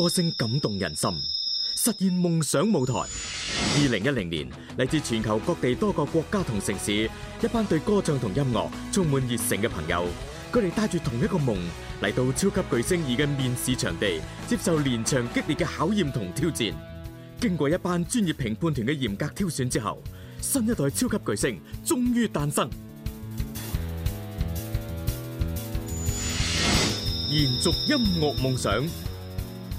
歌聲感動人心，實現夢想舞台。二零一零年，嚟自全球各地多個國家同城市，一班對歌唱同音樂充滿熱誠嘅朋友，佢哋帶住同一個夢嚟到超級巨聲二嘅面試場地，接受連場激烈嘅考驗同挑戰。經過一班專業評判團嘅嚴格挑選之後，新一代超級巨聲終於誕生，延續音樂夢想。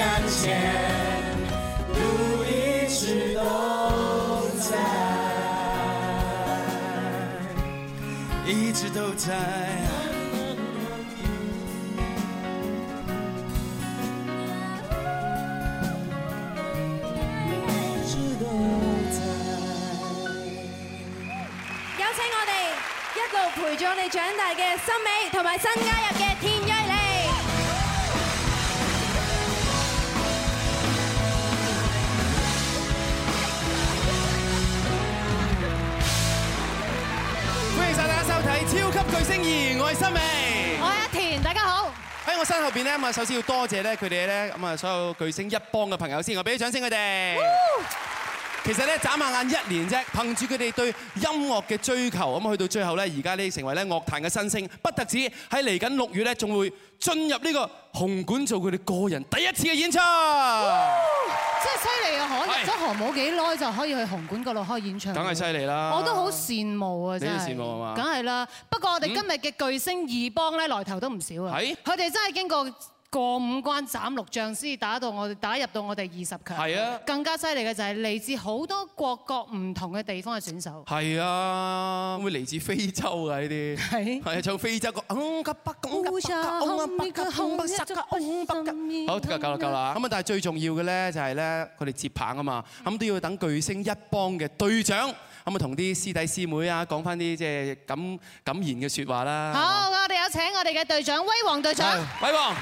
向前，路一直都在，一直都在，一直都在。有請我哋一路陪住我哋長大嘅森美，同埋新加入嘅田蕊妮。我係森美，我係阿田，大家好。喺我身後邊咧，咁啊，首先要多謝咧佢哋咧，咁啊，所有巨聲一幫嘅朋友先，我俾啲掌聲佢哋。其實咧眨下眼一年啫，憑住佢哋對音樂嘅追求，咁去到最後咧，而家呢成為咧樂壇嘅新星，不特止喺嚟緊六月咧，仲會進入呢個紅館做佢哋個人第一次嘅演出。即係犀利啊！可能真係冇幾耐就可以去紅館嗰度開演唱。梗係犀利啦！我都好羨慕啊！真係羨慕啊嘛！梗係啦，不過我哋今日嘅巨聲二幫咧來頭都唔少啊！係，佢哋真係經過。過五關斬六將，先至打到我哋，打入到我哋二十強。係啊，更加犀利嘅就係嚟自好多各國唔同嘅地方嘅選手。係啊，會嚟自非洲啊呢啲。係啊，就非洲個北吉北吉北吉北吉北吉北吉。好，夠夠啦夠啦。咁啊，但係最重要嘅咧就係咧，佢哋接棒啊嘛，咁都要等巨聲一幫嘅隊長，咁啊，同啲師弟師妹啊講翻啲即係感感言嘅説話啦。好，我哋有請我哋嘅隊長威王隊長。威王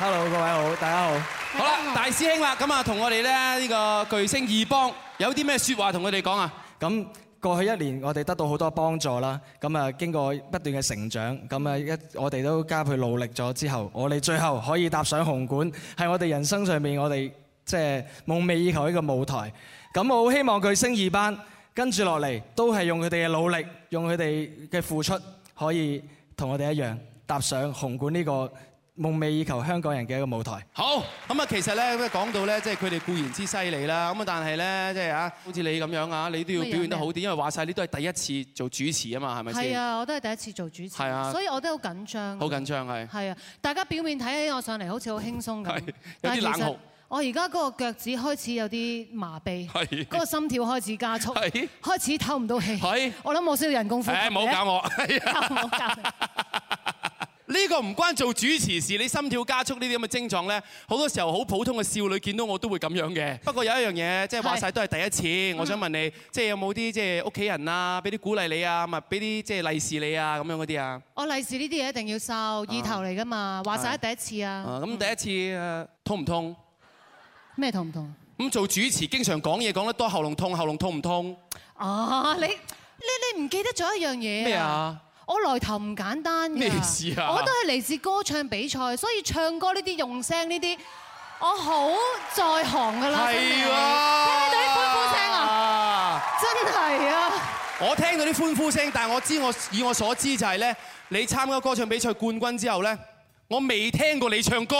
，hello 各位好，大家好。好啦，大師兄啦，咁啊，同我哋咧呢個巨聲二幫有啲咩説話同佢哋講啊？咁過去一年我哋得到好多幫助啦。咁啊，經過不斷嘅成長，咁啊一我哋都加倍努力咗之後，我哋最後可以踏上紅館，係我哋人生上面我哋即係夢寐以求一個舞台。咁我好希望巨聲二班。跟住落嚟都係用佢哋嘅努力，用佢哋嘅付出，可以同我哋一樣踏上紅館呢個夢寐以求香港人嘅一個舞台。好，咁啊，其實咧講到咧，即係佢哋固然之犀利啦，咁啊，但係咧，即係啊，好似你咁樣啊，你都要表現得好啲，因為話晒呢都係第一次做主持啊嘛，係咪？係啊，我都係第一次做主持，所以我都好緊張。好緊張係。係啊，大家表面睇起我上嚟好似好輕鬆咁，有啲冷酷。我而家嗰個腳趾開始有啲麻痹，嗰、嗰個心跳開始加速，開始透唔到氣。我諗我需要人工呼吸，唔好搞我，唔好搞。呢個唔關做主持事，你心跳加速呢啲咁嘅症狀咧，好多時候好普通嘅少女見到我都會咁樣嘅。不過有一樣嘢，即係話晒都係第一次。我想問你，即係有冇啲即係屋企人啊，俾啲鼓勵你啊，咁俾啲即係利是你啊，咁樣嗰啲啊？我利是呢啲嘢一定要收，意頭嚟㗎嘛。話晒係第一次啊。咁、嗯、第一次痛唔痛？通咩痛唔痛？咁做主持經常講嘢講得多，喉嚨痛，喉嚨痛唔痛？啊，你你你唔記得咗一樣嘢咩啊？我來頭唔簡單嘅。咩事啊？我都係嚟自歌唱比賽，所以唱歌呢啲用聲呢啲，我好在行㗎啦。係喎，聽到啲歡呼聲啊！真係啊！我聽到啲歡呼聲，但係我知，我以我所知就係咧，你參加歌唱比賽冠軍之後咧，我未聽過你唱歌。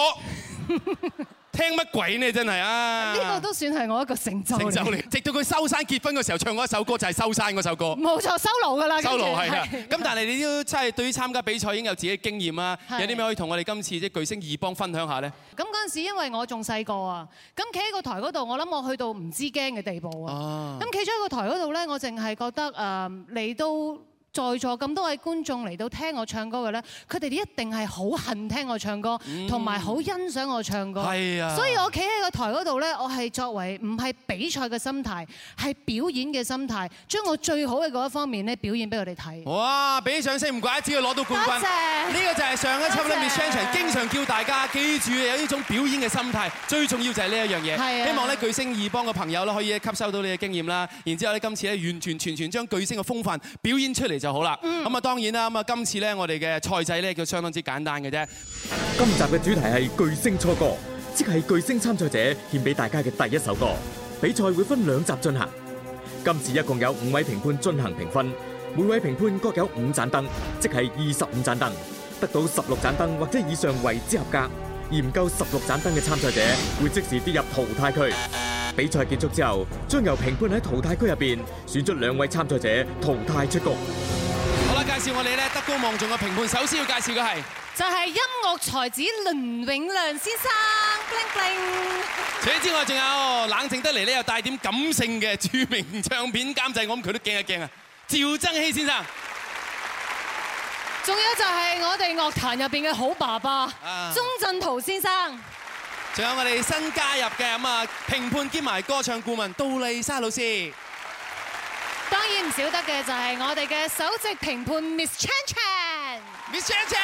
聽乜鬼呢？真係啊！呢、這個都算係我一個成就嚟。成就嚟，直到佢收山結婚嘅時候，唱過一首歌就係、是、收山嗰首歌。冇錯，收路㗎啦。收路係。咁但係你都真係對於參加比賽已經有自己經驗啦。有啲咩可以同我哋今次即係巨聲二幫分享下呢？咁嗰陣時因為我仲細個啊，咁企喺個台嗰度，我諗我去到唔知驚嘅地步啊。咁企咗喺個台嗰度咧，我淨係覺得、呃、你都。在座咁多位觀眾嚟到聽我唱歌嘅咧，佢哋哋一定係好恨聽我唱歌，同埋好欣賞我唱歌。係啊！所以我企喺個台嗰度咧，我係作為唔係比賽嘅心態，係表演嘅心態，將我最好嘅嗰一方面咧表演俾佢哋睇。哇！俾啲掌聲。唔怪只要攞到冠軍，多謝。呢個就係上一輯裏面商場經常叫大家記住有呢種表演嘅心態，最重要就係呢一樣嘢。係啊！希望咧巨聲二幫嘅朋友咧可以吸收到你嘅經驗啦。然之後咧今次咧完全全全將巨聲嘅風範表演出嚟。就好啦。咁啊，當然啦。咁啊，今次咧，我哋嘅賽制咧，就相當之簡單嘅啫。今集嘅主題係巨聲初歌，即係巨聲參賽者獻俾大家嘅第一首歌。比賽會分兩集進行。今次一共有五位評判進行評分，每位評判各有五盞燈，即係二十五盞燈，得到十六盞燈或者以上為之合格。嫌夠十六盞燈嘅參賽者會即時跌入淘汰區。比賽結束之後，將由評判喺淘汰區入邊選出兩位參賽者淘汰出局。好啦，介紹我哋咧德高望重嘅評判，首先要介紹嘅係就係音樂才子倫永亮先生。除此之外，仲有冷靜得嚟呢又帶點感性嘅著名唱片監製，我諗佢都驚一驚啊，趙增熹先生。仲有就係我哋樂壇入邊嘅好爸爸鍾鎮濤先生，仲有我哋新加入嘅咁啊評判兼埋歌唱顧問杜麗莎老師，當然唔少得嘅就係我哋嘅首席評判 Miss Chan Chan。 Miss Chan Chan，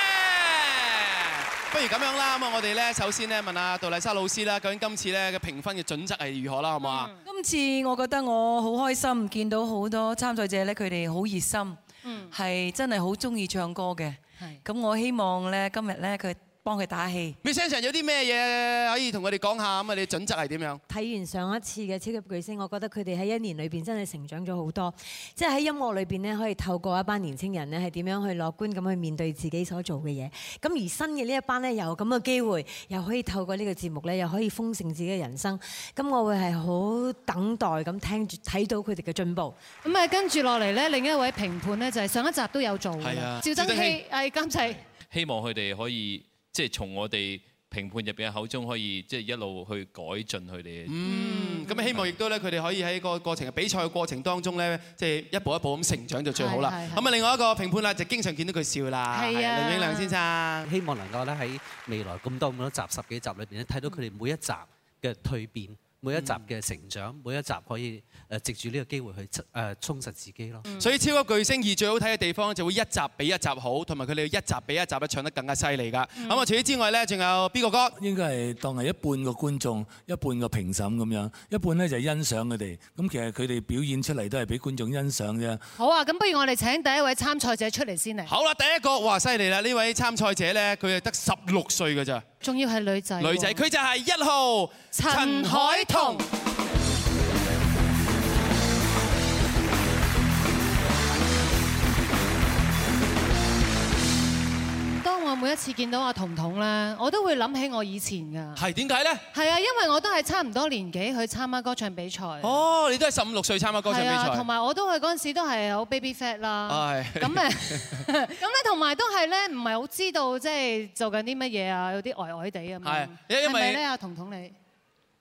不如咁樣啦，咁啊我哋咧首先咧問下杜麗莎老師啦，究竟今次咧嘅評分嘅準則係如何啦，好唔好啊？今次我覺得我好開心，見到好多參賽者咧，佢哋好熱心。嗯，係真係好中意唱歌嘅，咁我希望呢，今日呢，佢。幫佢打氣。你身上有啲咩嘢可以同佢哋講下？咁啊，你準則係點樣？睇完上一次嘅超級巨星，我覺得佢哋喺一年裏邊真係成長咗好多。即係喺音樂裏邊咧，可以透過一班年青人咧，係點樣去樂觀咁去面對自己所做嘅嘢。咁而新嘅呢一班咧，有咁嘅機會，又可以透過呢個節目咧，又可以豐盛自己嘅人生。咁我會係好等待咁聽住，睇到佢哋嘅進步。咁啊，跟住落嚟咧，另一位評判咧就係上一集都有做嘅。趙增熹，係監製。希望佢哋可以。即係從我哋評判入邊嘅口中可以，即係一路去改進佢哋。嗯，咁希望亦都咧，佢哋可以喺個過程、比賽嘅過程當中咧，即係一步一步咁成長就最好啦。咁啊，另外一個評判啦，就經常見到佢笑啦，倫永亮先生。希望能夠咧喺未來咁多咁多集、十幾集裏邊咧，睇到佢哋每一集嘅蛻變。每一集嘅成長，每一集可以誒藉住呢個機會去誒充實自己咯、嗯。所以《超級巨星二》最好睇嘅地方，就會一集比一集好，同埋佢哋一集比一集都唱得更加犀利噶。咁啊，除此之外咧，仲有邊個歌？應該係當係一半個觀眾，一半個評審咁樣，一半咧就係欣賞佢哋。咁其實佢哋表演出嚟都係俾觀眾欣賞啫。好啊，咁不如我哋請第一位參賽者出嚟先嚟。好啦、啊，第一個，哇，犀利啦！呢位參賽者咧、啊，佢係得十六歲嘅咋。仲要係女仔。女仔，佢就係一號陳凱。當我每一次見到阿彤彤咧，我都會諗起我以前噶。係點解咧？係啊，因為我都係差唔多年紀去參加歌唱比賽。哦，你都係十五六歲參加歌唱比賽。同埋我都係嗰陣時都係好 baby fat 啦。係。咁咪咁咧？同埋都係咧，唔係好知道即係做緊啲乜嘢啊？有啲呆呆地咁樣。係。係因為咧？阿彤彤你？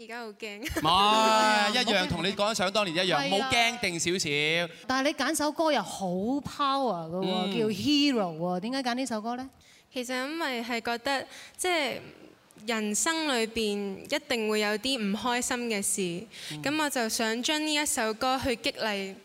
而家好驚，唔係，一樣，同你講想當年一樣，好驚定少少。點點但係你揀首歌又好 power 嘅喎，叫 Hero 喎，點解揀呢首歌呢？其實因為係覺得，即係人生裏邊一定會有啲唔開心嘅事，咁我就想將呢一首歌去激勵。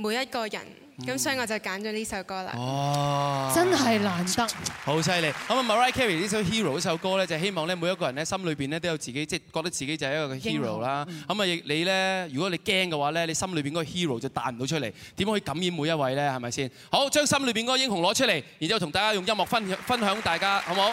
每一個人，咁所以我就揀咗呢首歌啦。哦，真係難得，好犀利。咁啊，Mariah Carey 呢首《Hero》呢首歌咧，就希望咧，每一個人咧，心裏邊咧都有自己，即係覺得自己就係一個 hero 啦。咁啊，你咧，如果你驚嘅話咧，你心裏邊嗰個 hero 就彈唔到出嚟，點可以感染每一位咧？係咪先？好，將心裏邊嗰個英雄攞出嚟，然之後同大家用音樂分享，分享大家，好冇？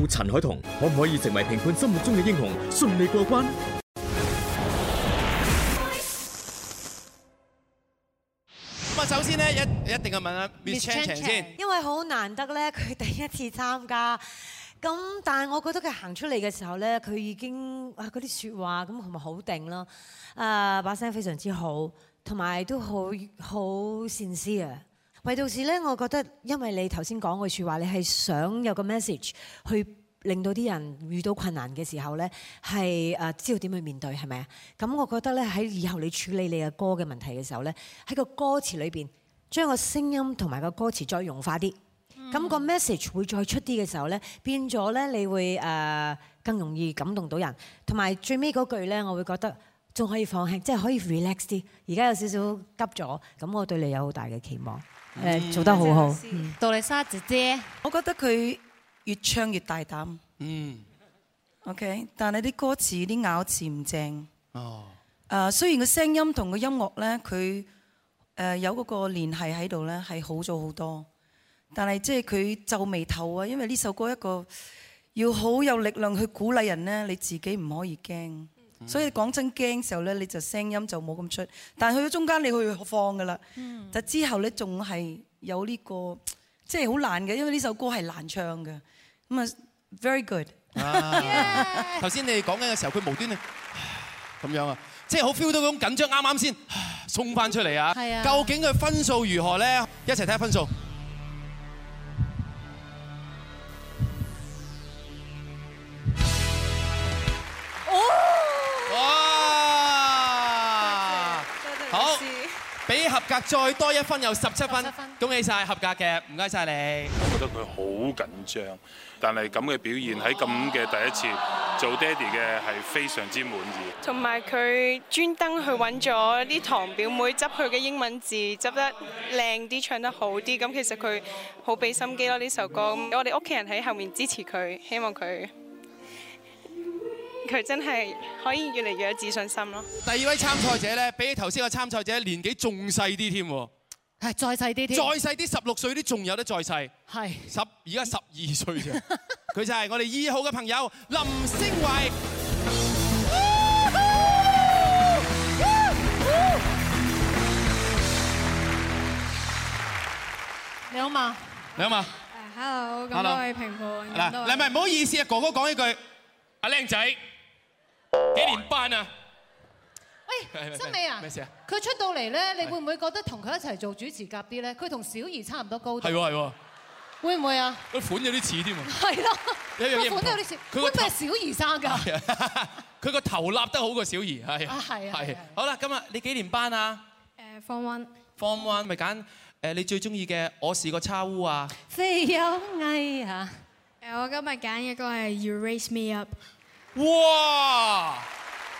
到陳凱彤可唔可以成為評判心目中嘅英雄，順利過關？咁啊，首先呢，Hi. 一一定要問下 Miss Chan 先因為好難得咧，佢第一次參加。咁但係我覺得佢行出嚟嘅時候咧，佢已經啊嗰啲說話咁，同埋好定咯，啊把聲非常之好，同埋都好好 sincere 啊。唯獨是咧，我覺得，因為你頭先講嗰句話，你係想有個 message 去令到啲人遇到困難嘅時候咧，係知道點去面對係咪啊？咁我覺得咧，喺以後你處理你嘅歌嘅問題嘅時候咧，喺個歌詞裏邊將個聲音同埋個歌詞再融化啲，咁個 message 會再出啲嘅時候咧，變咗咧，你會誒更容易感動到人。同埋最尾嗰句咧，我會覺得仲可以放輕，即係可以 relax 啲。而家有少少急咗，咁我對你有好大嘅期望。誒，做得好好，杜麗莎姐姐，我覺得佢越唱越大膽。嗯，OK，但係啲歌詞啲咬字唔正。哦，誒，雖然個聲音同個音樂咧，佢誒有嗰個聯繫喺度咧，係好咗好多。但係即係佢皺眉頭啊，因為呢首歌一個要好有力量去鼓勵人咧，你自己唔可以驚。所以講真驚嘅時候咧，你就聲音就冇咁出，但係去到中間你去放噶啦。但之後咧仲係有呢個，即係好難嘅，因為呢首歌係難唱嘅。咁啊，very good。頭先你哋講緊嘅時候，佢無端端咁樣啊，即係好 feel 到咁緊張。啱啱先鬆翻出嚟啊！究竟佢分數如何咧？一齊睇下分數。哦！好，比合格再多一分又十七分，恭喜晒合格嘅，唔該晒你。我覺得佢好緊張，但係咁嘅表現喺咁嘅第一次做爹哋嘅係非常之滿意。同埋佢專登去揾咗啲堂表妹執佢嘅英文字，執得靚啲，唱得好啲。咁其實佢好俾心機咯呢首歌。咁我哋屋企人喺後面支持佢，希望佢。佢真係可以越嚟越有自信心咯。第二位參賽者咧，比起頭先個參賽者年紀仲細啲添，係再細啲添，再細啲十六歲？啲仲有得再細，係十而家十二歲啫。佢就係我哋二號嘅朋友林昇偉。你好嘛？你好嘛？誒，hello。hello。咁多位評判，嗱，你咪唔好意思啊，哥哥講一句，阿靚仔。幾年班啊？喂，森美啊，咩事啊？佢出到嚟咧，你會唔會覺得同佢一齊做主持夾啲咧？佢同小儀差唔多高度，係係，會唔會啊？個款有啲似添啊！係咯，個款有啲似，都咩小儀生噶？佢個頭立得好過小儀，係啊係啊，係。好啦，今日你幾年班啊？誒，Form One。Form One 咪揀，誒，你最中意嘅，我是個差烏啊？非常嘅啊！誒，我今日揀一個係 You Raise Me Up。哇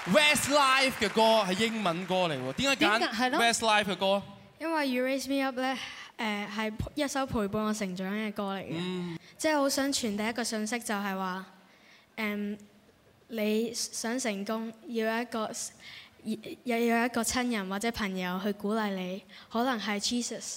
，Westlife 嘅歌係英文歌嚟喎，點解揀 Westlife 嘅歌？因為 You Raise Me Up 呢係一首陪伴我成長嘅歌嚟嘅，即係好想傳遞一個訊息就是說，就係話你想成功要有一個，又有一個親人或者朋友去鼓勵你，可能係 Jesus。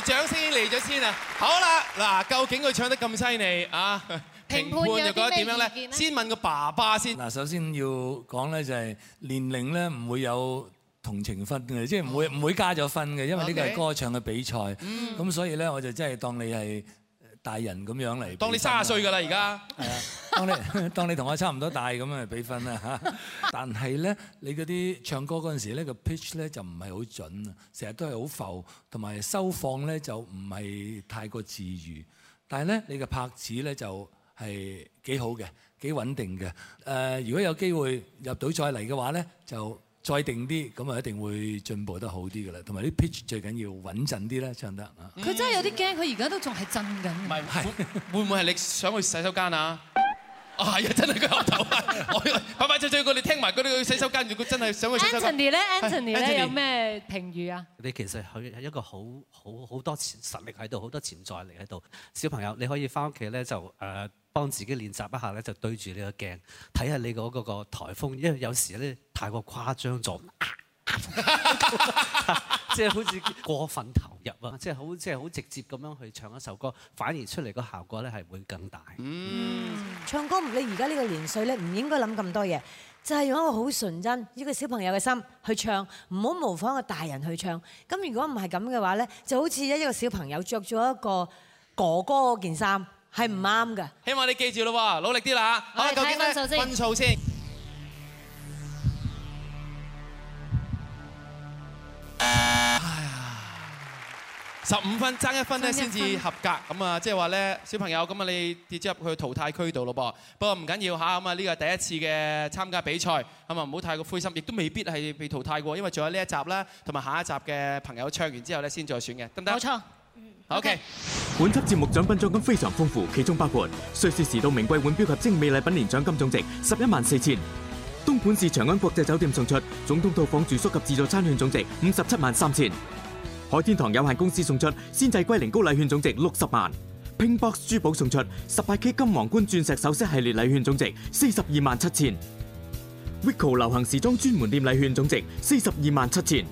掌聲嚟咗先啊！好啦，嗱，究竟佢唱得咁犀利啊？評判就覺得點樣咧？先問個爸爸先。嗱，首先要講咧就係年齡咧唔會有同情分嘅，即係唔會唔會加咗分嘅，因為呢個係歌唱嘅比賽。咁所以咧，我就真係當你係大人咁樣嚟。當你卅歲㗎啦，而家。係啊。當你當你同我差唔多大咁啊，俾分啦嚇！但係咧，你嗰啲唱歌嗰陣時咧，個 pitch 咧就唔係好準啊，成日都係好浮，同埋收放咧就唔係太過自如。但係咧，你嘅拍子咧就係幾好嘅，幾穩定嘅。誒，如果有機會入到再嚟嘅話咧，就再定啲，咁啊一定會進步得好啲嘅啦。同埋啲 pitch 最緊要穩陣啲呢，唱得啊、嗯！佢真係有啲驚，佢而家都仲係震緊。唔係，唔係會唔會係你想去洗手間啊？啊，係啊，真係佢有頭啊！快快最最，我你聽埋嗰啲去洗手間，如果真係想去。Anthony 咧，Anthony 咧，有咩評語啊？你其實係係一個好好好多潛實力喺度，好多，多潛在力喺度。小朋友，你可以翻屋企咧，就、呃、誒幫自己練習一下咧，就對住你個鏡睇下你嗰嗰個台風，因為有時咧太過誇張咗。呃即 係好似過分投入啊！即係好即係好直接咁樣去唱一首歌，反而出嚟個效果咧係會更大。嗯，嗯，唱歌你而家呢個年歲咧唔應該諗咁多嘢，就係用一個好純真一個小朋友嘅心去唱，唔好模仿個大人去唱。咁如果唔係咁嘅話咧，就好似咧一個小朋友着咗一個哥哥嗰件衫，係唔啱㗎。希望你記住啦，努力啲啦。好啦，究竟分數先。哎呀，十五分爭一分咧，先至合格。咁啊，即係話咧，小朋友，咁啊，你跌咗入去淘汰區度咯噃。不過唔緊要吓，咁啊，呢個第一次嘅參加比賽，咁啊，唔好太過灰心，亦都未必係被淘汰過，因為仲有呢一集啦，同埋下一集嘅朋友唱完之後咧，先再選嘅。得唔得？冇錯。O K。本輯節目獎品獎金非常豐富，其中包括瑞士時度名貴腕表及精美禮品，連獎金總值十一萬四千。東莞市長安國際酒店送出總統套房住宿及自助餐券總值五十七萬三千。海天堂有限公司送出鮮製龜苓膏禮券總值六十萬。Pingbox 珠寶送出十八 K 金皇冠鑽石首飾系列禮券總值四十二萬七千。Veeko 流行時裝專門店禮券總值四十二萬七千。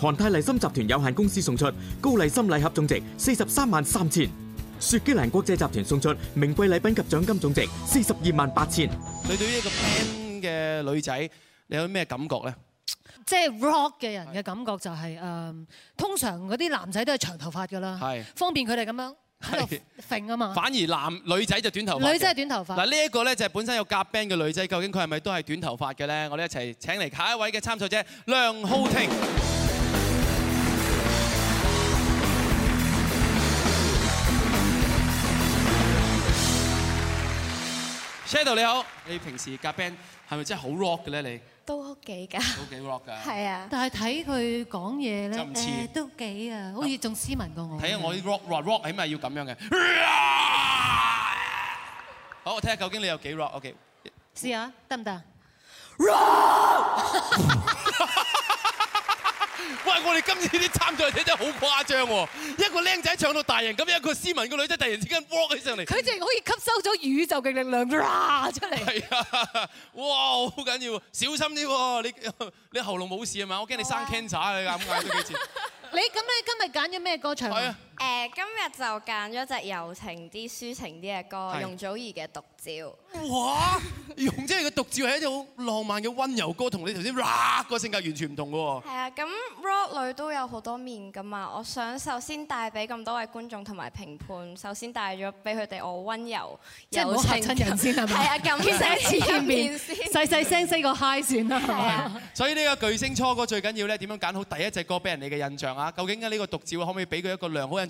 韓泰麗森集團有限公司送出高麗森禮盒總值四十三萬三千。雪肌蘭國際集團送出名貴禮品及獎金總值四十二萬八千。你對於呢個 plan？嘅女仔，你有啲咩感覺咧？即係 rock 嘅人嘅感覺就係誒，通常嗰啲男仔都係長頭髮噶啦，方便佢哋咁樣喺度揈啊嘛。反而男女仔就短頭髮。女仔係短頭髮。嗱呢一個咧就係本身有夾 band 嘅女仔，究竟佢係咪都係短頭髮嘅咧？我哋一齊請嚟下一位嘅參賽者梁皓婷。Shadow 你好，你平時夾 band？係咪真係好 rock 嘅咧？你都幾㗎？都幾 rock 㗎？係啊，但係睇佢講嘢咧，都幾啊，好似仲斯文過我。睇下我呢 rock rock rock，起碼要咁樣嘅。好，我睇下究竟你有幾 rock。OK，試下得唔得？Rock。喂，我哋今日啲參賽者真係好誇張喎！一個僆仔唱到大人咁，一個斯文個女仔突然之間 w 起上嚟，佢淨係可以吸收咗宇宙嘅力量出嚟。係啊，哇，好緊要，小心啲喎！你你喉嚨冇事係嘛？我驚你生 cancer，啊，你咁嗌咗幾次？你咁你今日揀咗咩歌唱？啊！誒，今日就揀咗隻柔情啲、抒情啲嘅歌的，容祖兒嘅《獨照》。哇！容祖兒嘅《獨照》係一種浪漫嘅溫柔歌，同你頭先 rock 個性格完全唔同喎。係啊，咁 rock 女都有好多面噶嘛。我想首先帶俾咁多位觀眾同埋評判，首先帶咗俾佢哋我溫柔、柔情的。即係唔好嚇親人先係咪？係啊，咁先試一試面先 細細聲 say 個 hi 先啦。所以呢個巨聲初歌最緊要咧，點樣揀好第一隻歌俾人哋嘅印象啊？究竟呢個《獨照》可唔可以俾佢一個良好印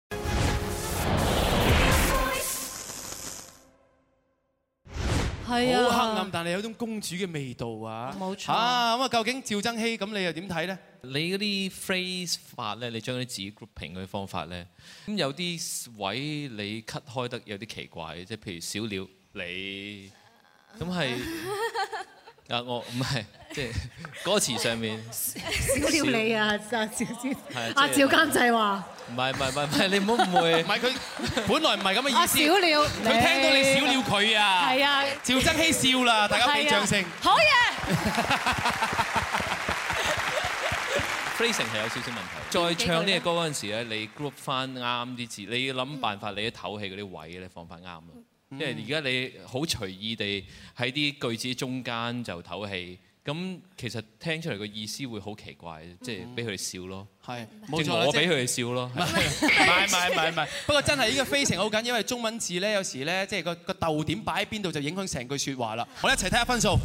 但係有種公主嘅味道啊！冇錯啊！咁啊、嗯，究竟趙增熹咁，你又點睇咧？你啲 phrase 法咧，你將啲字 grouping 啲方法咧，咁有啲位你 cut 開得有啲奇怪，即係譬如小鳥你咁係。 我唔係即係歌詞上面少了你啊！阿少啊少啊、就是，趙監製話唔係唔係唔係你唔好誤會，唔係佢本來唔係咁嘅意思。少了佢、啊、聽到你少了佢啊！係啊，啊！趙增熹笑啦，大家俾掌聲可以、啊。phrasing 係有少少問題。再唱呢個歌嗰陣時咧，你 group 翻啱啲字，你要諗辦法，你啲唞氣嗰啲位咧放翻啱啦。因為而家你好隨意地喺啲句子中間就唞氣，咁其實聽出嚟個意思會好奇怪，即係俾佢哋笑咯。係、嗯、冇、就是、錯、就是、我俾佢哋笑咯。係係係係係，不過真係呢個非常好緊，因為中文字咧有時咧，即、就、係、是、個個逗點擺喺邊度就影響成句説話啦。我哋一齊睇下分數。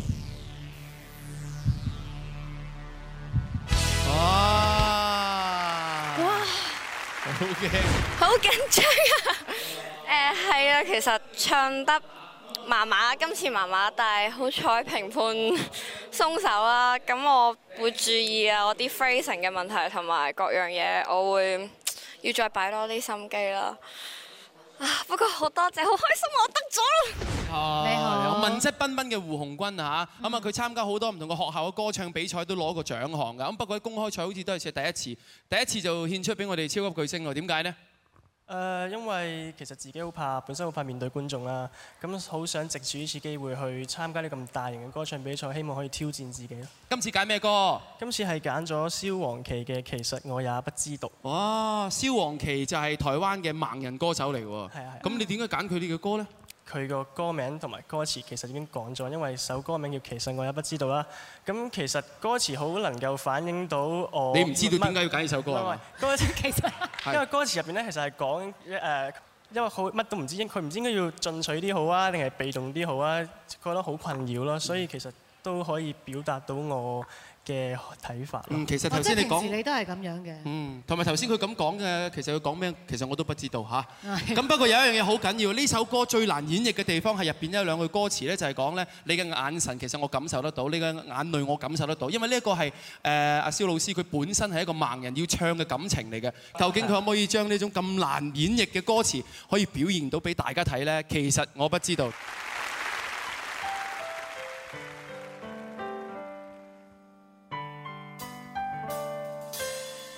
哇！哇！好驚，好緊張啊！係啊，其實唱得麻麻，今次麻麻，但係好彩評判鬆手啦。咁我會注意啊，我啲 phrasing 嘅問題同埋各樣嘢，我會要再擺多啲心機啦。不過好多謝，好開心我得咗啦！你好，文質彬彬嘅胡鴻鈞嚇，咁啊佢參加好多唔同嘅學校嘅歌唱比賽都攞過獎項㗎，咁不過喺公開賽好似都係第一次，第一次就獻出俾我哋超級巨星喎，點解呢？誒，因為其實自己好怕，本身好怕面對觀眾啦，咁好想藉住呢次機會去參加呢咁大型嘅歌唱比賽，希望可以挑戰自己咯。今次揀咩歌？今次係揀咗蕭煌奇嘅《其實我也不知道》。哇，蕭煌奇就係台灣嘅盲人歌手嚟喎。係係。咁你點解揀佢呢個歌呢？佢個歌名同埋歌詞其實已經講咗，因為首歌名叫其實我也不知道啦。咁其實歌詞好能夠反映到我，你唔知道點解要揀呢首歌歌，其實因為歌詞入邊咧，其實係講誒，因為好乜都唔知應，佢唔知應該要進取啲好啊，定係被動啲好啊，覺得好困擾咯。所以其實都可以表達到我，嘅睇法。嗯，其實頭先你講，我平時你都係咁樣嘅。嗯，同埋頭先佢咁講嘅，其實佢講咩？其實我都不知道吓。咁不過有一樣嘢好緊要，呢首歌最難演繹嘅地方係入邊有兩句歌詞咧，就係講咧，你嘅眼神其實我感受得到，你嘅眼淚我感受得到，因為呢一個係誒阿蕭老師佢本身係一個盲人要唱嘅感情嚟嘅，究竟佢可唔可以將呢種咁難演繹嘅歌詞可以表現到俾大家睇咧？其實我不知道。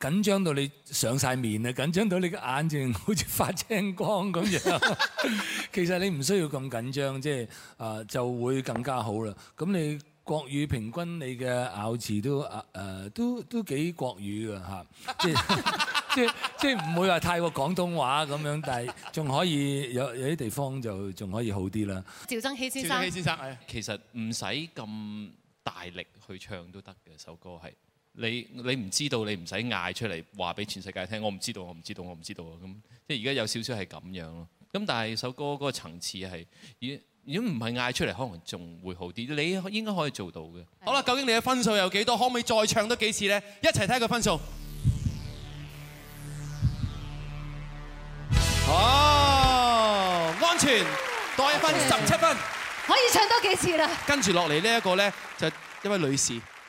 緊張到你上晒面啦！緊張到你嘅眼睛好似發青光咁樣。 其實你唔需要咁緊張，即係誒就會更加好啦。咁你國語平均你嘅咬字都誒、呃、都都幾國語㗎嚇，即係即係即係唔會話太過廣東話咁樣，但係仲可以有有啲地方就仲可以好啲啦。趙增熹先生，趙先生，其實唔使咁大力去唱都得嘅，首歌係。你你唔知道，你唔使嗌出嚟話俾全世界聽。我唔知道，我唔知道，我唔知道啊！咁即係而家有少少係咁樣咯。咁但係首歌嗰個層次係，如如果唔係嗌出嚟，可能仲會好啲。你應該可以做到嘅。好啦，究竟你嘅分數有幾多？可唔可以再唱多幾次呢？一齊睇下個分數。哦，安全多一分十七分，可以唱多幾次啦。跟住落嚟呢一個呢，就一位女士。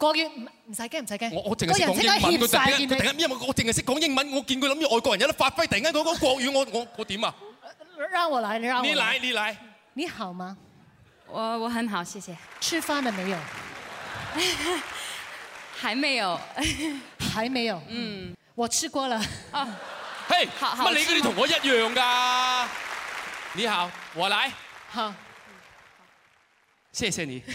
國語唔使驚，唔使驚。我我淨係識講英文。佢人稱都欠突然間，因為我我淨係識講英文，我見佢諗住外國人有得發揮，突然間講講國語，我我我點 啊？讓我來，讓我來。你來，你來。你好嗎？我我很好，謝謝。吃飯了沒有？ 還沒有， 還沒有。嗯，我吃過了。啊。 嘿，乜你啲同我一樣㗎？你好，我來。好。謝謝你。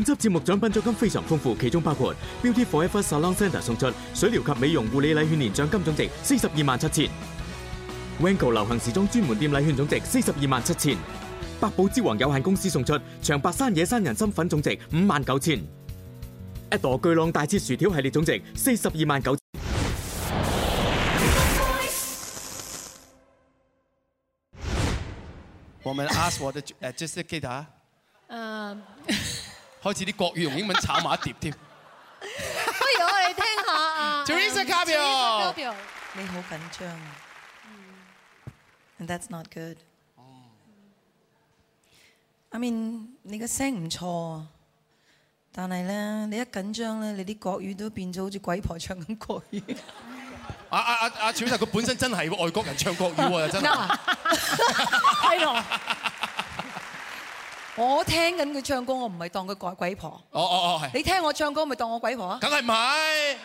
本集節目獎品獎金非常豐富，其中包括 Beauty Forever Salon Center 送出水療及美容護理禮券，年獎金總值四十二萬七千；Wingo 流行時裝專門店禮券總值四十二萬七千；百寶之王有限公司送出長白山野生人參粉總值五萬九千；一朵巨浪大切薯條系列總值四十二萬九千。我們 ask 我的誒，就是佢哋。開始啲國語用英文炒埋一碟添，不如我哋聽下啊。Teresa Carpio，你好緊張啊。And that's not good. I mean，你個聲唔錯，但係咧，你一緊張咧，你啲國語都變咗好似鬼婆唱咁國語。阿阿阿阿，Charles 佢本身真係外國人唱國語喎，真係。係咯。我聽緊佢唱歌，我唔係當佢鬼鬼婆。哦哦哦，你聽我唱歌咪當我鬼婆啊？梗係唔係？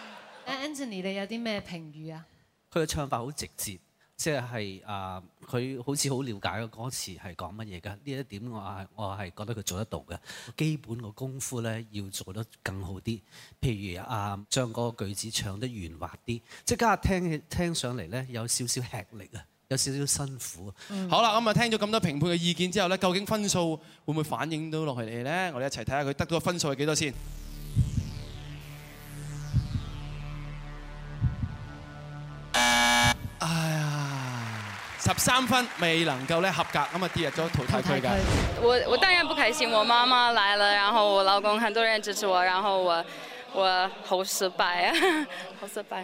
阿 Anthony，你有啲咩評語啊？佢嘅唱法好直接，即係啊，佢、呃、好似好了解個歌詞係講乜嘢㗎。呢一點我係我係覺得佢做得到嘅。基本嘅功夫咧要做得更好啲，譬如啊，將、呃、嗰句子唱得圓滑啲，即係今日聽起聽上嚟咧有少少吃力啊。有少少辛苦。好啦，咁啊，聽咗咁多評判嘅意見之後呢，究竟分數會唔會反映到落去你呢，我哋一齊睇下佢得到分數係幾多先。哎呀，十三分未能夠呢，合格，咁啊跌入咗淘汰區嘅。我我當然不開心，我媽媽來了，然後我老公，很多人支持我，然後我我好失敗啊，好失敗。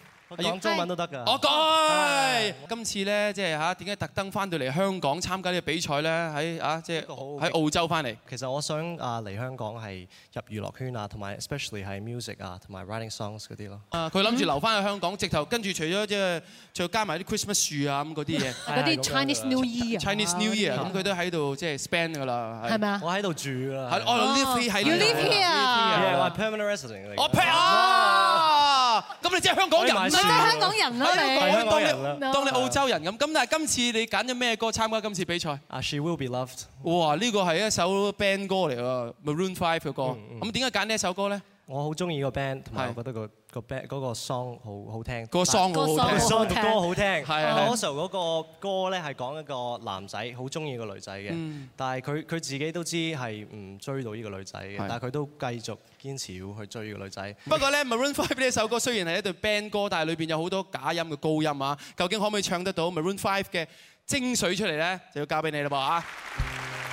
講中文都得㗎。我講。今次咧，即係嚇點解特登翻到嚟香港參加呢個比賽咧？喺嚇即係喺澳洲翻嚟。其實我想啊嚟香港係入娛樂圈啊，同埋 especially 係 music 啊，同埋 writing songs 嗰啲咯。啊！佢諗住留翻去香港，直頭跟住除咗即係仲加埋啲 Christmas 樹啊咁嗰啲嘢。係嗰啲 Chinese New Year 啊。Chinese New Year 啊，咁佢都喺度即係 spend 㗎啦。係咪啊？我喺度住啊。喺我 live here。You live here？係啊，permanent resident。哦，派啊！咁你即係香港人，唔係香港人啦，你當你香港人當你澳洲人咁。咁但係今次你揀咗咩歌參加今次比賽？Ah, She Will Be Loved。哇！呢個係一首 band 歌嚟喎，Maroon Five 嘅歌。咁點解揀呢一首歌咧？我好中意個 band，同埋我覺得、個。個 band 嗰個 song 好好聽，個 song 好好聽，個聽個聽個歌好聽。嗰首嗰個歌咧係講一個男仔好中意個女仔嘅，嗯、但係佢佢自己都知係唔追到呢個女仔嘅，但係佢都繼續堅持要去追呢個女仔。不過咧，Maroon Five 呢一首歌雖然係一隊 band 歌，但係裏邊有好多假音嘅高音啊！究竟可唔可以唱得到 Maroon Five 嘅精髓出嚟咧？就要交俾你啦噃啊！嗯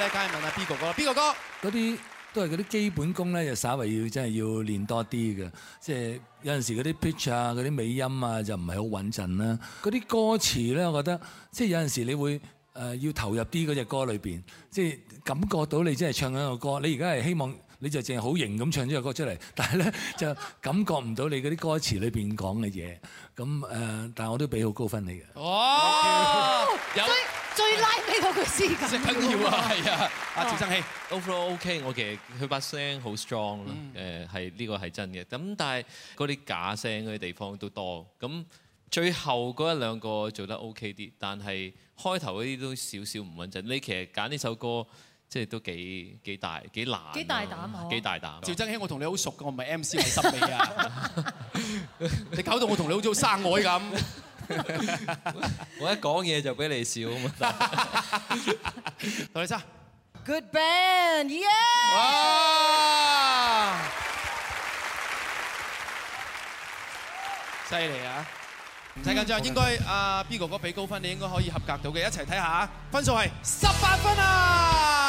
咧，梗係問阿 B 哥 ,B 哥哥，B 哥哥嗰啲都係嗰啲基本功咧，就稍為要真係要練多啲嘅。即係有陣時嗰啲 pitch 啊，嗰啲尾音啊，就唔係好穩陣啦。嗰啲歌詞咧，我覺得即係有陣時你會誒要投入啲嗰隻歌裏邊，即係感覺到你真係唱緊個歌。你而家係希望你就淨係好型咁唱咗個歌出嚟，但係咧就感覺唔到你嗰啲歌詞裏邊講嘅嘢。咁誒，但我都俾好高分你嘅。哦，有。最拉呢個佢絲感，最緊要啊！係啊，阿趙增熹，overall OK，我其實佢把聲好 strong 咯。誒，係呢個係真嘅。咁但係嗰啲假聲嗰啲地方都多。咁最後嗰一兩個做得 OK 啲，但係開頭嗰啲都少少唔穩陣。你其實揀呢首歌，即係都幾幾大幾難。幾大膽好啊！幾大膽！趙增熹，我同你好熟㗎，我唔係 MC 係濕背啊！你搞到我同你好似生外咁。我一講嘢就俾你笑啊嘛，同你生。Good band，yeah！哇，犀利啊！唔使緊張，應該阿 B 哥哥俾高分，你應該可以合格到嘅，一齊睇下，分數係十八分啊！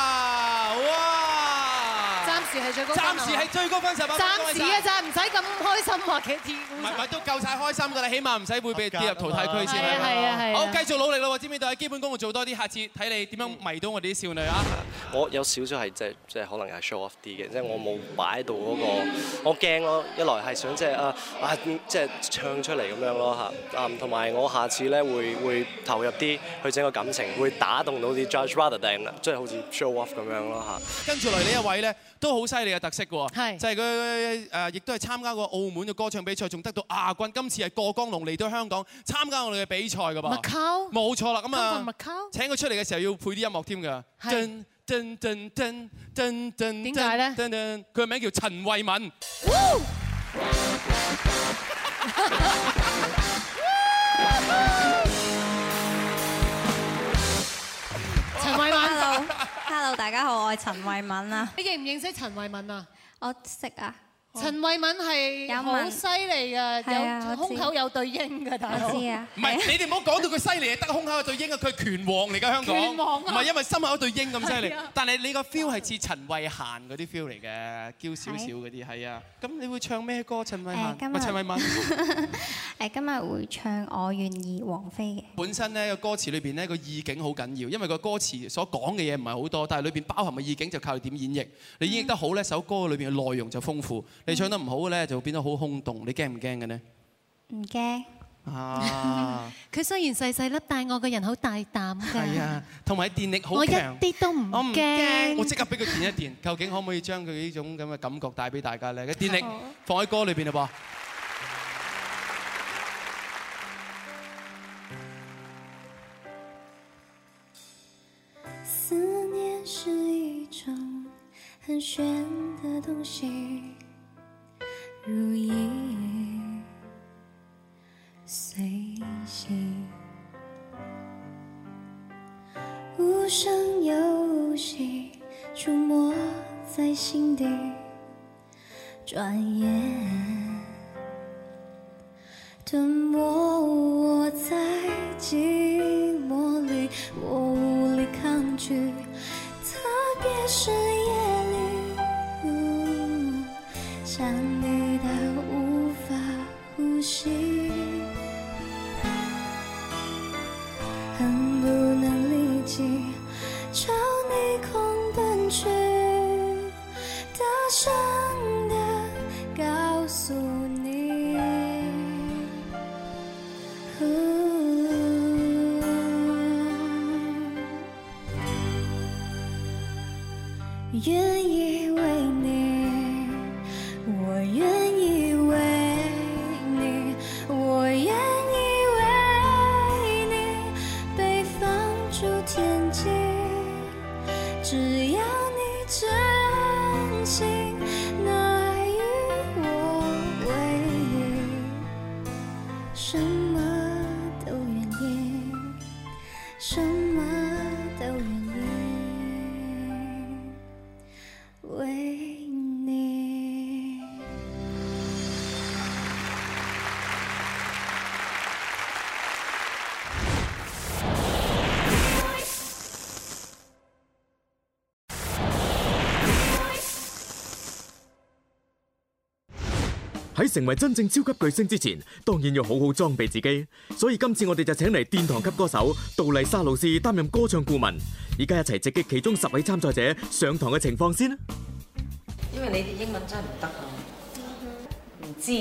暫時係最高分十八分，暫時嘅咋，唔使咁開心或者次，唔係都夠晒開心㗎啦，起碼唔使會畀你跌入淘汰區先啦。啊係好，繼續努力咯知唔知道？喺基本功，會做多啲，下次睇你點樣迷到我哋啲少女啊！我有少少係即係即係可能係 show off 啲嘅，嗯、即係我冇擺到嗰個，我驚咯。一來係想即係啊啊，即、啊、係、即係、唱出嚟咁樣咯吓，同埋我下次咧會會投入啲去整個感情，會打動到啲 judge rather 呢，即係好似 show off 咁樣咯吓，跟住嚟呢一位咧都好。好犀利嘅特色喎，就係佢誒，亦都係參加過澳門嘅歌唱比賽，仲得到亞軍。今次係過江龍嚟到香港參加我哋嘅比賽㗎噃，冇錯啦。咁啊，請佢出嚟嘅時候要配啲音樂添㗎。點解咧？佢個名叫陳慧敏。Hello, hello 大家好，我係陳慧敏啊。你認唔認識陳慧敏啊？我識啊。陳慧敏係好犀利噶，有胸口有對鷹噶大佬。唔係你哋唔好講到佢犀利，得個胸口有對鷹啊！佢係拳王嚟噶，香港，唔係因為心口有對鷹咁犀利。但係你個 feel 係似陳慧嫻嗰啲 feel 嚟嘅，嬌少少嗰啲係啊。咁你會唱咩歌？陳慧嫻？陳慧敏？誒，今日會唱《我願意》王菲嘅。本身咧個歌詞裏邊咧個意境好緊要，因為個歌詞所講嘅嘢唔係好多，但係裏邊包含嘅意境就靠你點演繹。你演繹得好咧，首歌裏邊嘅內容就豐富。你唱得唔好嘅咧，就會變得好空洞。你驚唔驚嘅呢？唔驚。啊！佢雖然細細粒，但我個人好大膽嘅。係啊，同埋電力好強。我一啲都唔驚。我即刻俾佢電一電，究竟可唔可以將佢呢種咁嘅感覺帶俾大家咧？嘅電力放喺歌裏邊啦，噃。喺成為真正超級巨星之前，當然要好好裝備自己。所以今次我哋就請嚟殿堂級歌手杜麗莎老師擔任歌唱顧問。而家一齊直擊其中十位參賽者上堂嘅情況先。因為你哋英文真係唔得啊！唔知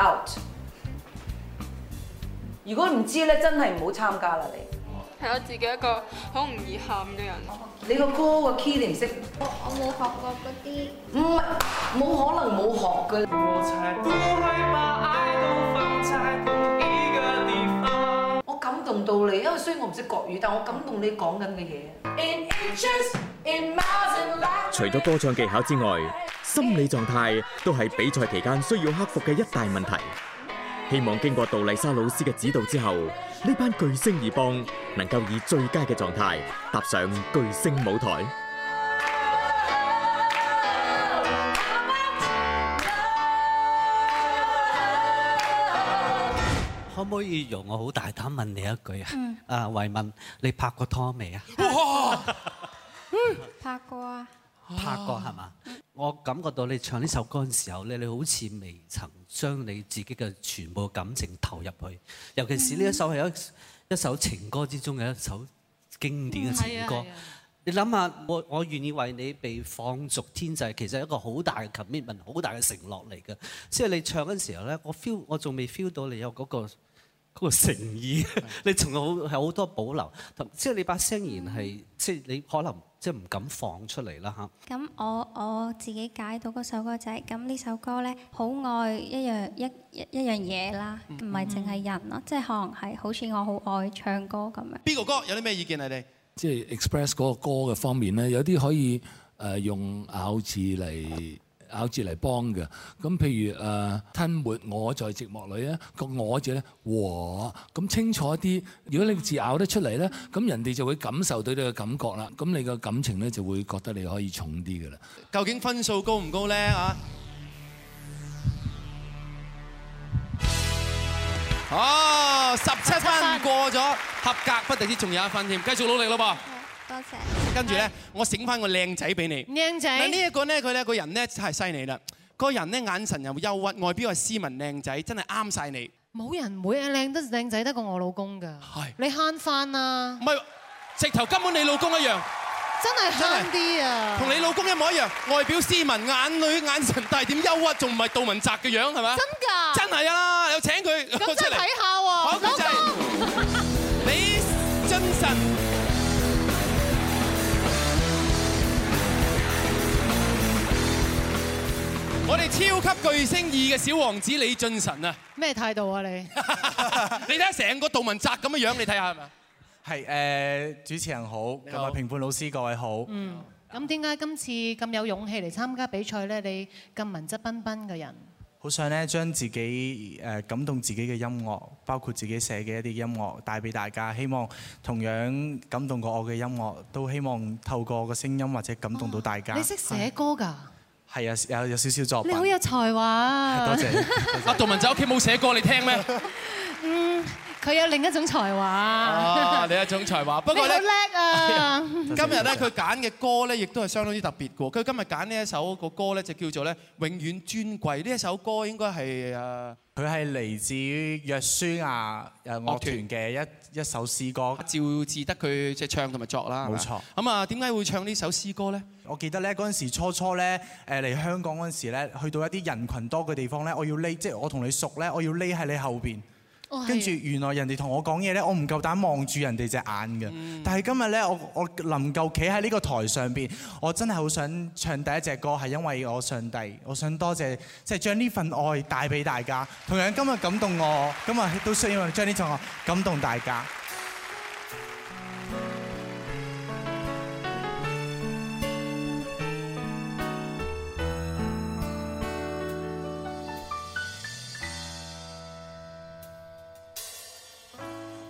out。如果唔知咧，真係唔好參加啦。你係我自己一個好唔易喊嘅人。你個歌個 key 你唔識？我我冇學過嗰啲。唔係，冇可能冇學嘅。我感動到你，因為雖然我唔識國語，但我感動你講緊嘅嘢。除咗歌唱技巧之外，心理狀態都係比賽期間需要克服嘅一大問題。希望經過杜麗莎老師嘅指導之後，呢班巨聲二幫能夠以最佳嘅狀態踏上巨聲舞台。可唔可以容我好大膽問你一句、嗯、啊？啊，慧敏，你拍過拖未啊、 嗯？拍過啊。拍過係嘛？Oh. 我感覺到你唱呢首歌嘅時候咧，你好似未曾將你自己嘅全部嘅感情投入去。尤其是呢一首係一一首情歌之中嘅一首經典嘅情歌。你諗下，我我願意為你被放逐天際，其實係一個好大嘅 commitment，好大嘅承諾嚟嘅。即係你唱嗰陣時候咧，我 feel 我仲未 feel 到你有嗰、嗰個嗰個誠意，你仲有好係好多保留，同即係你把聲言係，即係你可能即係唔敢放出嚟啦嚇。咁我我自己解到嗰首歌仔，咁呢首歌咧，好愛一樣一一一樣嘢啦，唔係淨係人咯，即係可能係好似我好愛唱歌咁樣。邊個歌有啲咩意見啊？你即係 express 嗰個歌嘅方面咧，有啲可以誒用咬字嚟。咬字嚟幫嘅，咁譬如誒吞沒我在寂寞裡啊，個我字咧嘩，咁清楚啲。如果你字咬得出嚟咧，咁人哋就會感受到你嘅感覺啦。咁你嘅感情咧就會覺得你可以重啲嘅啦。究竟分數高唔高咧啊？哦，十七分過咗，合格，不特止，仲有一分添。繼續努力咯喎！跟住咧，我醒翻個靚仔俾你。靚仔，呢一個咧，佢咧個人咧係犀利啦。個人咧眼神又憂鬱，外表係斯文靚仔，真係啱晒你。冇人會靚得靚仔得過我老公噶。係。你慳翻啊。唔係，直頭根本你老公一樣。真係慳啲啊！同你老公一模一樣，外表斯文，眼裏眼神，帶點憂鬱，仲唔係杜汶澤嘅樣係咪？真噶。真係啊！有請佢出嚟。咁真睇下。我哋超級巨星聲二嘅小王子李俊晨啊，咩態度啊你？你睇下成個杜汶澤咁嘅樣，你睇下係咪？係誒，主持人好，同埋評判老師各位好。嗯，咁點解今次咁有勇氣嚟參加比賽咧？你咁文質彬彬嘅人，好想咧將自己誒感動自己嘅音樂，包括自己寫嘅一啲音樂帶俾大家，希望同樣感動過我嘅音樂，都希望透過個聲音或者感動到大家。你識寫歌㗎？係啊，有有少少作品。你好有才華。多謝，謝。阿杜文喺屋企冇寫歌，你聽咩？嗯。佢有另一種才華。啊，另一種才華。 不過啊。今日咧，佢揀嘅歌咧，亦都係相當之特別嘅。佢今日揀呢一首個歌咧，就叫做咧《永遠尊貴》呢一首歌，應該係誒。佢係嚟自於約書亞誒樂團嘅一一首詩歌照得，趙志德佢即係唱同埋作啦。冇錯。咁啊，點解會唱呢首詩歌咧？我記得咧，嗰陣時初初咧誒嚟香港嗰陣時咧，去到一啲人群多嘅地方咧，就是，我要匿，即係我同你熟咧，我要匿喺你後邊。跟住原來人哋同我講嘢呢，我唔夠膽望住人哋隻眼嘅。但係今日呢，我我能夠企喺呢個台上邊，我真係好想唱第一隻歌，係因為我上帝，我想多謝，即係將呢份愛帶俾大家。同樣今日感動我，今日都需要將呢種愛感動大家。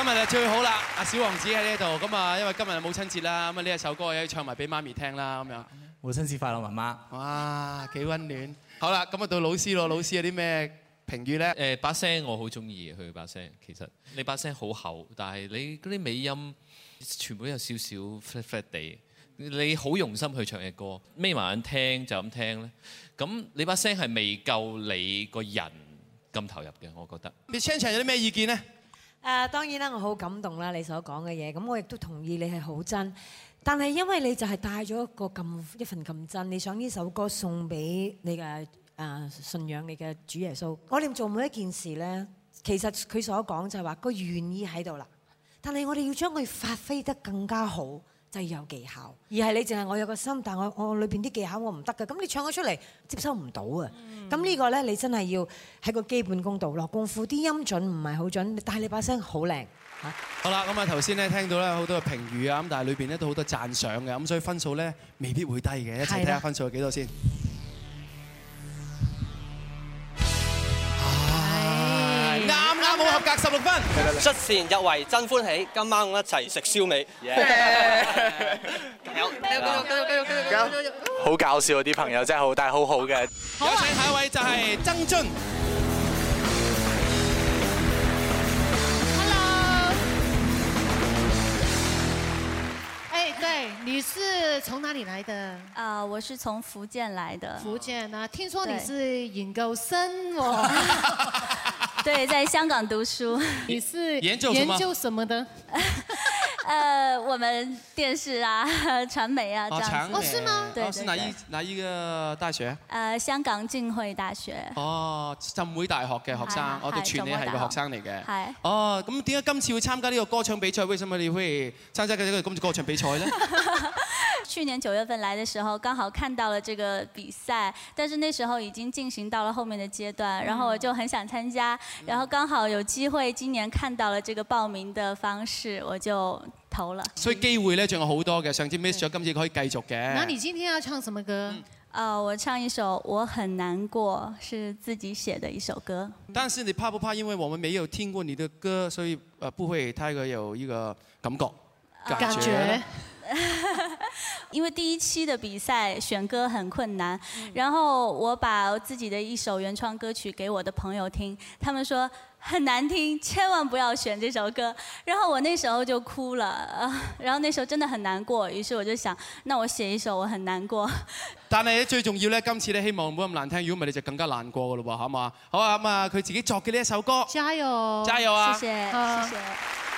今日就最好啦！阿小王子喺呢度，咁啊，因為今日係母親節啦，咁啊，呢一首歌可以唱埋俾媽咪聽啦，咁樣。母親節快樂，媽媽！哇，幾溫暖！好啦，咁啊，到老師咯，老師有啲咩評語咧？誒，把聲我好中意嘅，佢把聲其實你把聲好厚，但係你嗰啲尾音全部都有少少 flat flat 地，你好用心去唱嘅歌，眯埋眼聽就咁聽咧，咁你把聲係未夠你個人咁投入嘅，我覺得。Michelle 有啲咩意見咧？誒，當然啦，我好感動啦，你所講嘅嘢，咁我亦都同意你係好真。但係因為你就係帶咗個咁一份咁真，你想呢首歌送俾你嘅誒、呃、信仰你嘅主耶穌。我哋做每一件事呢，其實佢所講就係話佢願意喺度啦，但係我哋要將佢發揮得更加好。就係有技巧，而係你淨係我有個心，但係我我裏邊啲技巧我唔得嘅，咁你唱咗出嚟接收唔到啊！咁呢個咧，你真係要喺個基本功度落功夫，啲音準唔係好準，但係你把聲好靚嚇。好啦，咁啊頭先咧聽到咧好多嘅評語啊，咁但係裏邊咧都好多讚賞嘅，咁所以分數咧未必會低嘅，一齊睇下分數係幾多先。冇合格十六分，率先入圍真歡喜。今晚我一齊食燒味。加油加油加油加油加油加油，好搞笑啊！啲朋友真係好大好好嘅。有請下一位就係曾臻。你是從哪裏來的？啊、uh,，我是從福建來的。福建啊，聽說你是研究生哦。 對，在香港讀書。你是研究什麼，究什麼的？呃、 uh,，我們電視啊，傳媒啊這，這、oh, 哦、oh, 是嗎？對，是哪一哪一個大學？呃、uh,，香港浸、oh, 會大學。哦，浸會大學嘅學生，我哋全年係個學生嚟嘅。係。哦，咁點解今次會參加呢個歌唱比賽？為什麼你會參加呢個咁嘅歌唱比賽咧？ 去年九月份來的時候，剛好看到了這個比賽，但是那時候已經進行到了後面的階段，然後我就很想參加，然後剛好有機會今年看到了這個報名的方式，我就投了。所以機會呢，仲有好多嘅，上次 miss 咗，今次可以繼續嘅。那你今天要唱什麼歌？呃、嗯，uh, 我唱一首《我很難過》，是自己寫的一首歌。但是你怕不怕？因為我們沒有聽過你的歌，所以呃，不會太過有一個感覺感覺。感覺 因為第一期的比賽選歌很困難，然後我把自己的一首原創歌曲給我的朋友聽，他們說很難聽，千萬不要選這首歌。然後我那時候就哭了，然後那時候真的很難過。於是我就想，那我寫一首我很難過。但是最重要呢，今次呢希望唔好咁難聽，如果唔係你就更加難過噶咯好嘛？好啊，咁啊，佢、嗯、自己作嘅呢一首歌，加油，加油啊！謝，謝謝。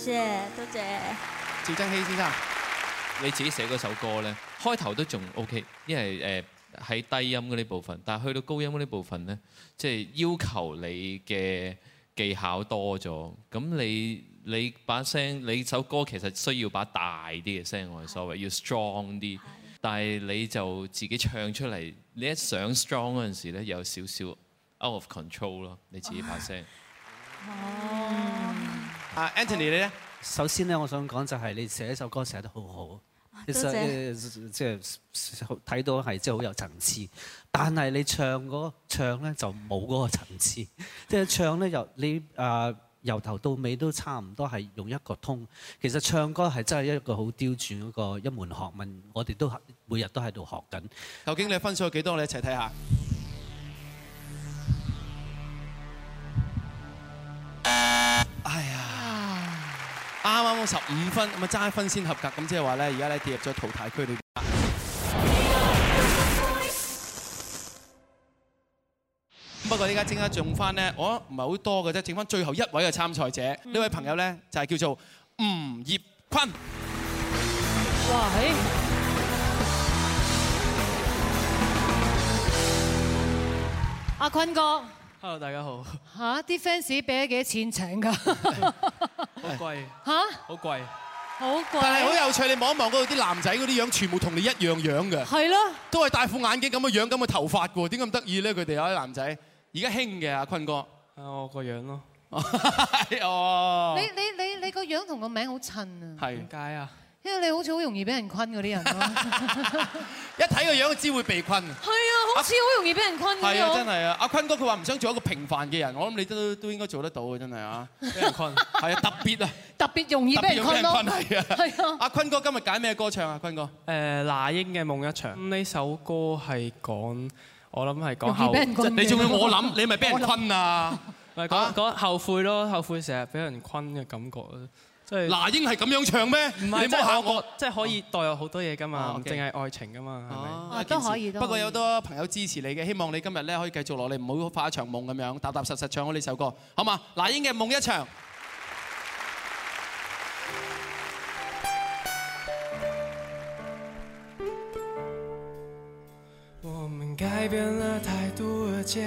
多謝，謝，多謝。趙增熹先生，你自己寫嗰首歌呢，開頭都仲 OK，因為誒喺低音嗰啲部分，但係去到高音嗰啲部分呢，即係要求你嘅技巧多咗。咁你你把聲，你首歌其實需要把大啲嘅聲，我哋所謂要 strong 啲，但係你就自己唱出嚟，你一想 strong 嗰陣時咧，有少少 out of control 咯，你自己把聲。哦、啊。啊。啊，Anthony，你咧？首先咧，我想講就係你寫一首歌寫得好好，其實即係睇到係即係好有層次。但係你唱嗰唱咧就冇、是、嗰個層次，即、就、係、是、唱咧由你啊由、呃、頭到尾都差唔多係用一個通。其實唱歌係真係一個好刁鑽嗰個一門學問，我哋都每日都喺度學緊。究竟你分數有幾多？我哋一齊睇下。哎呀啱啱十五分，咁啊爭一分先合格，咁即係話咧，而家咧跌入咗淘汰區度、哦。不過依家正一中翻咧，我唔係好多嘅啫，剩翻最後一位嘅參賽者，呢位朋友咧就係、嗯、叫做吳業坤。哇、欸、嘿！阿坤哥。hello，大家好 hello。嚇，啲 fans 俾咗幾多錢請㗎？好 貴。嚇？好貴。好貴。但係好有趣，你望一望嗰度啲男仔嗰啲樣，全部同你一樣樣嘅。係咯。都係戴副眼鏡咁嘅樣，咁嘅頭髮嘅喎，點咁得意咧？佢哋嗰啲男仔，而家興嘅阿坤哥。我個樣咯。哦。你你你你個樣同個名好襯啊。係。點解啊！因為你好似好容易俾人昆嗰啲人咯，一睇個樣都知會被昆。係啊，好似好容易俾人昆咁。係啊，真係啊！阿坤哥佢話唔想做一個平凡嘅人，我諗你都都應該做得到嘅，真係啊！俾人昆，係啊，特別啊，特別容易俾人昆咯。係啊，阿坤哥今日揀咩歌唱啊？坤哥，誒那英嘅《夢一場》。呢首歌係講，我諗係講後悔。你仲要我諗，你咪俾人昆啊！咪講講後悔咯，後悔成日俾人昆嘅感覺。嗱，英係咁樣唱咩？唔係，你摸下我，我，我，即係可以帶有很多東西、啊、好多嘢㗎嘛，唔淨係愛情㗎嘛，係咪？都可以。可以不過有好多朋友支持你嘅，希望你今日呢可以繼續落嚟，唔好發一場夢咁樣，踏踏實實唱好呢首歌，好嘛？嗱，英嘅夢一場對我們改變了。接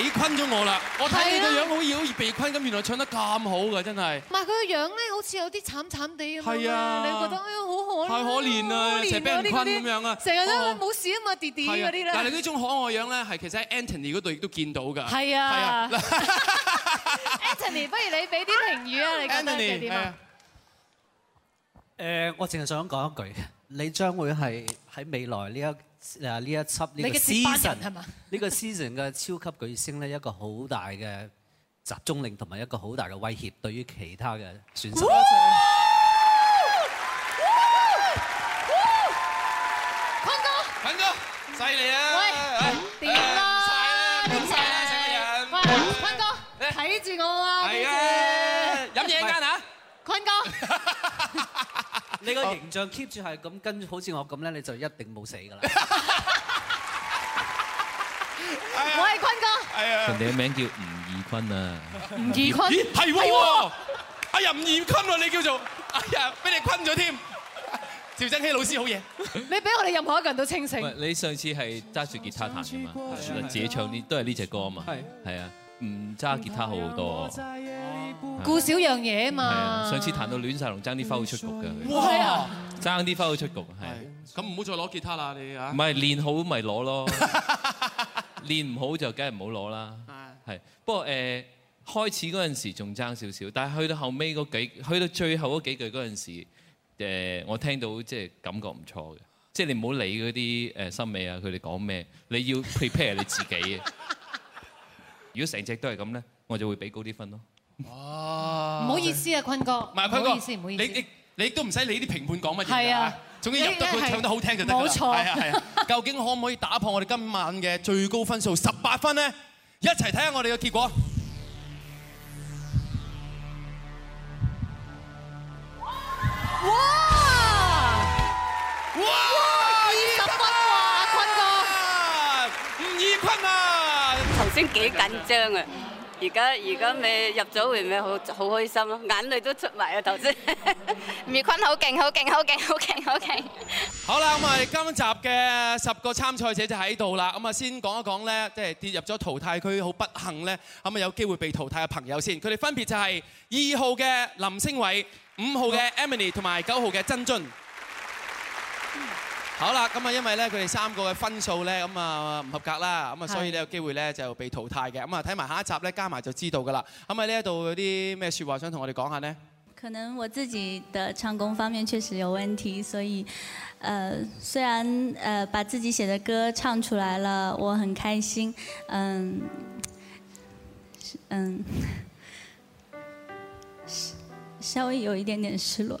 被坤咗我啦！我睇你個樣好似好似被坤咁，原來唱得咁好㗎真係。唔係佢個樣咧，好似有啲慘慘地咁啊！你覺得，哎呀好可愛，太可憐啦，成班坤咁樣啊，成日都冇事啊嘛，跌跌嗰啲咧。但係你呢種可愛樣咧，係其實喺 Anthony 嗰度亦都見到㗎。係啊，Anthony，不如你俾啲評語啊？你覺得即係點啊？誒，我淨係想講一句，你將會係喺未來呢一。啊！呢一輯呢個 season，呢、呢個 season 嘅超級巨星咧，一個好大嘅集中令，同埋一個好大嘅威脅，對於其他嘅選手，啊的。坤、哦哦哦哦、哥，坤哥，犀利啊！喂，點啊？點整？成個人。坤哥，睇住我啊！係、欸、啊！飲嘢呢間啊！坤、啊、哥。 你個形象 keep 住係咁跟住，好似我咁咧，你就一定冇死噶啦！我係坤哥，係啊，人哋嘅名叫吳義坤啊？吳義坤。咦，係喎，阿仁義坤喎，你叫做，哎呀，俾你坤咗添！趙增熹老師好嘢，你俾我哋任何一個人都清醒。你上次係揸住吉他彈噶嘛？自己唱啲都係呢隻歌啊嘛，係啊。唔揸吉他好好多，顧少樣嘢嘛。上次彈到亂晒龍，同爭啲返去出局嘅。係啊，爭啲返去出局。係咁唔好再攞吉他啦，你啊。唔係練好咪攞咯，練唔好就梗係唔好攞啦。係，不過誒開始嗰陣時仲爭少少，但係去到後尾嗰幾，去到最後嗰幾句嗰陣時，我聽到即係感覺唔錯嘅，即係你唔好理嗰啲誒心理啊，佢哋講咩，你要 prepare 你自己嘅。如果成隻都係咁咧，我就會俾高啲分咯。哇！唔好意思啊，坤哥，唔好意思，唔好意思。你你你都唔使理啲評判講乜嘢。係啊，總之入得佢唱得好聽就得㗎。冇錯。係啊係啊。究竟可唔可以打破我哋今晚嘅最高分數十八分呢？一齊睇下我哋嘅結果。哇！哇！先幾緊張啊！而家而家咪入咗嚟咪好好開心咯，眼淚都出埋啊頭先。明、嗯、 坤好勁，好勁，好勁，好勁，好勁！好啦，咁啊，今集嘅十個參賽者就喺度啦。咁啊，先講一講咧，即係跌入咗淘汰區好不幸咧，咁啊，有機會被淘汰嘅朋友先。佢哋分別就係二號嘅林昇偉、五號嘅 Emily 同埋九號嘅曾臻。好啦，咁啊，因為咧佢哋三個嘅分數咧，咁啊唔合格啦，咁啊所以呢，有機會咧就被淘汰嘅，咁啊睇埋下一集咧加埋就知道㗎喇。咁啊呢一度有啲咩説話想同我哋講下呢？可能我自己的唱功方面確實有問題，所以，呃雖然呃把自己寫的歌唱出來了，我很開心，嗯、呃，嗯、呃，稍微有一點點失落。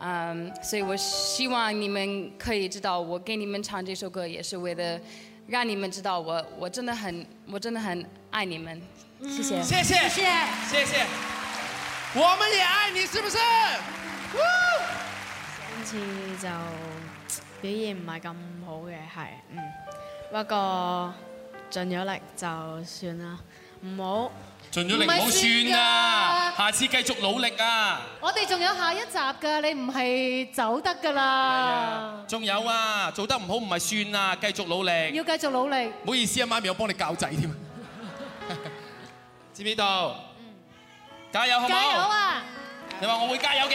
嗯、um,，所以我希望你們可以知道，我給你們唱這首歌也是為了讓你們知道我，我真的很，我真的很愛你們，謝謝，謝謝，謝謝，謝謝謝謝，我們也愛你，是不是？今次就表現唔係咁好嘅，係，嗯，不過盡咗力就算啦，唔好。盡咗力唔好算啊！下次繼續努力啊！我哋仲有下一集㗎，你唔係走得㗎啦！仲有啊，做得唔好唔係算啊，繼續努力！要繼續努力！唔好意思啊，媽咪，我幫你教仔添。知唔知道？嗯。加油，好唔好？加油啊！你話我會加油嘅。誒，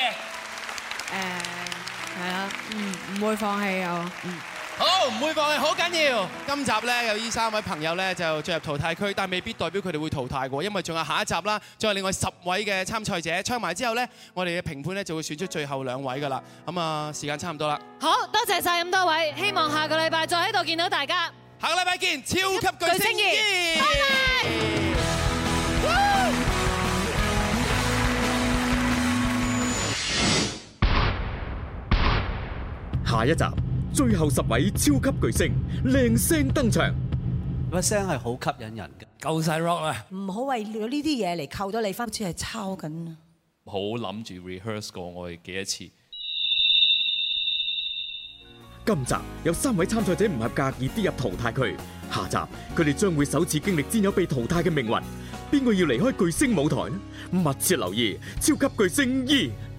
係啊，嗯，唔會放棄啊，嗯。好，唔會放棄，好緊要。今集呢有呢三位朋友呢就進入淘汰區，但未必代表佢哋會淘汰喎，因為仲有下一集啦，仲有另外十位嘅參賽者唱埋之後呢，我哋嘅評判呢，就會選出最後兩位㗎喇。咁啊，時間差唔多啦。好多謝晒咁多位，希望下個禮拜再喺度見到大家。下個禮拜見，超級巨星見。拜拜。下一集。最後十位超級巨聲靚聲登場，個聲係好吸引人嘅。夠晒 rock 啦！唔好為咗呢啲嘢嚟扣到你翻，好似係抄緊啊！好諗住 rehearse 過我哋幾多次。今集有三位參賽者唔合格而跌入淘汰區，下集佢哋將會首次經歷戰友被淘汰嘅命運。邊個要離開巨聲舞台？密切留意超級巨聲二。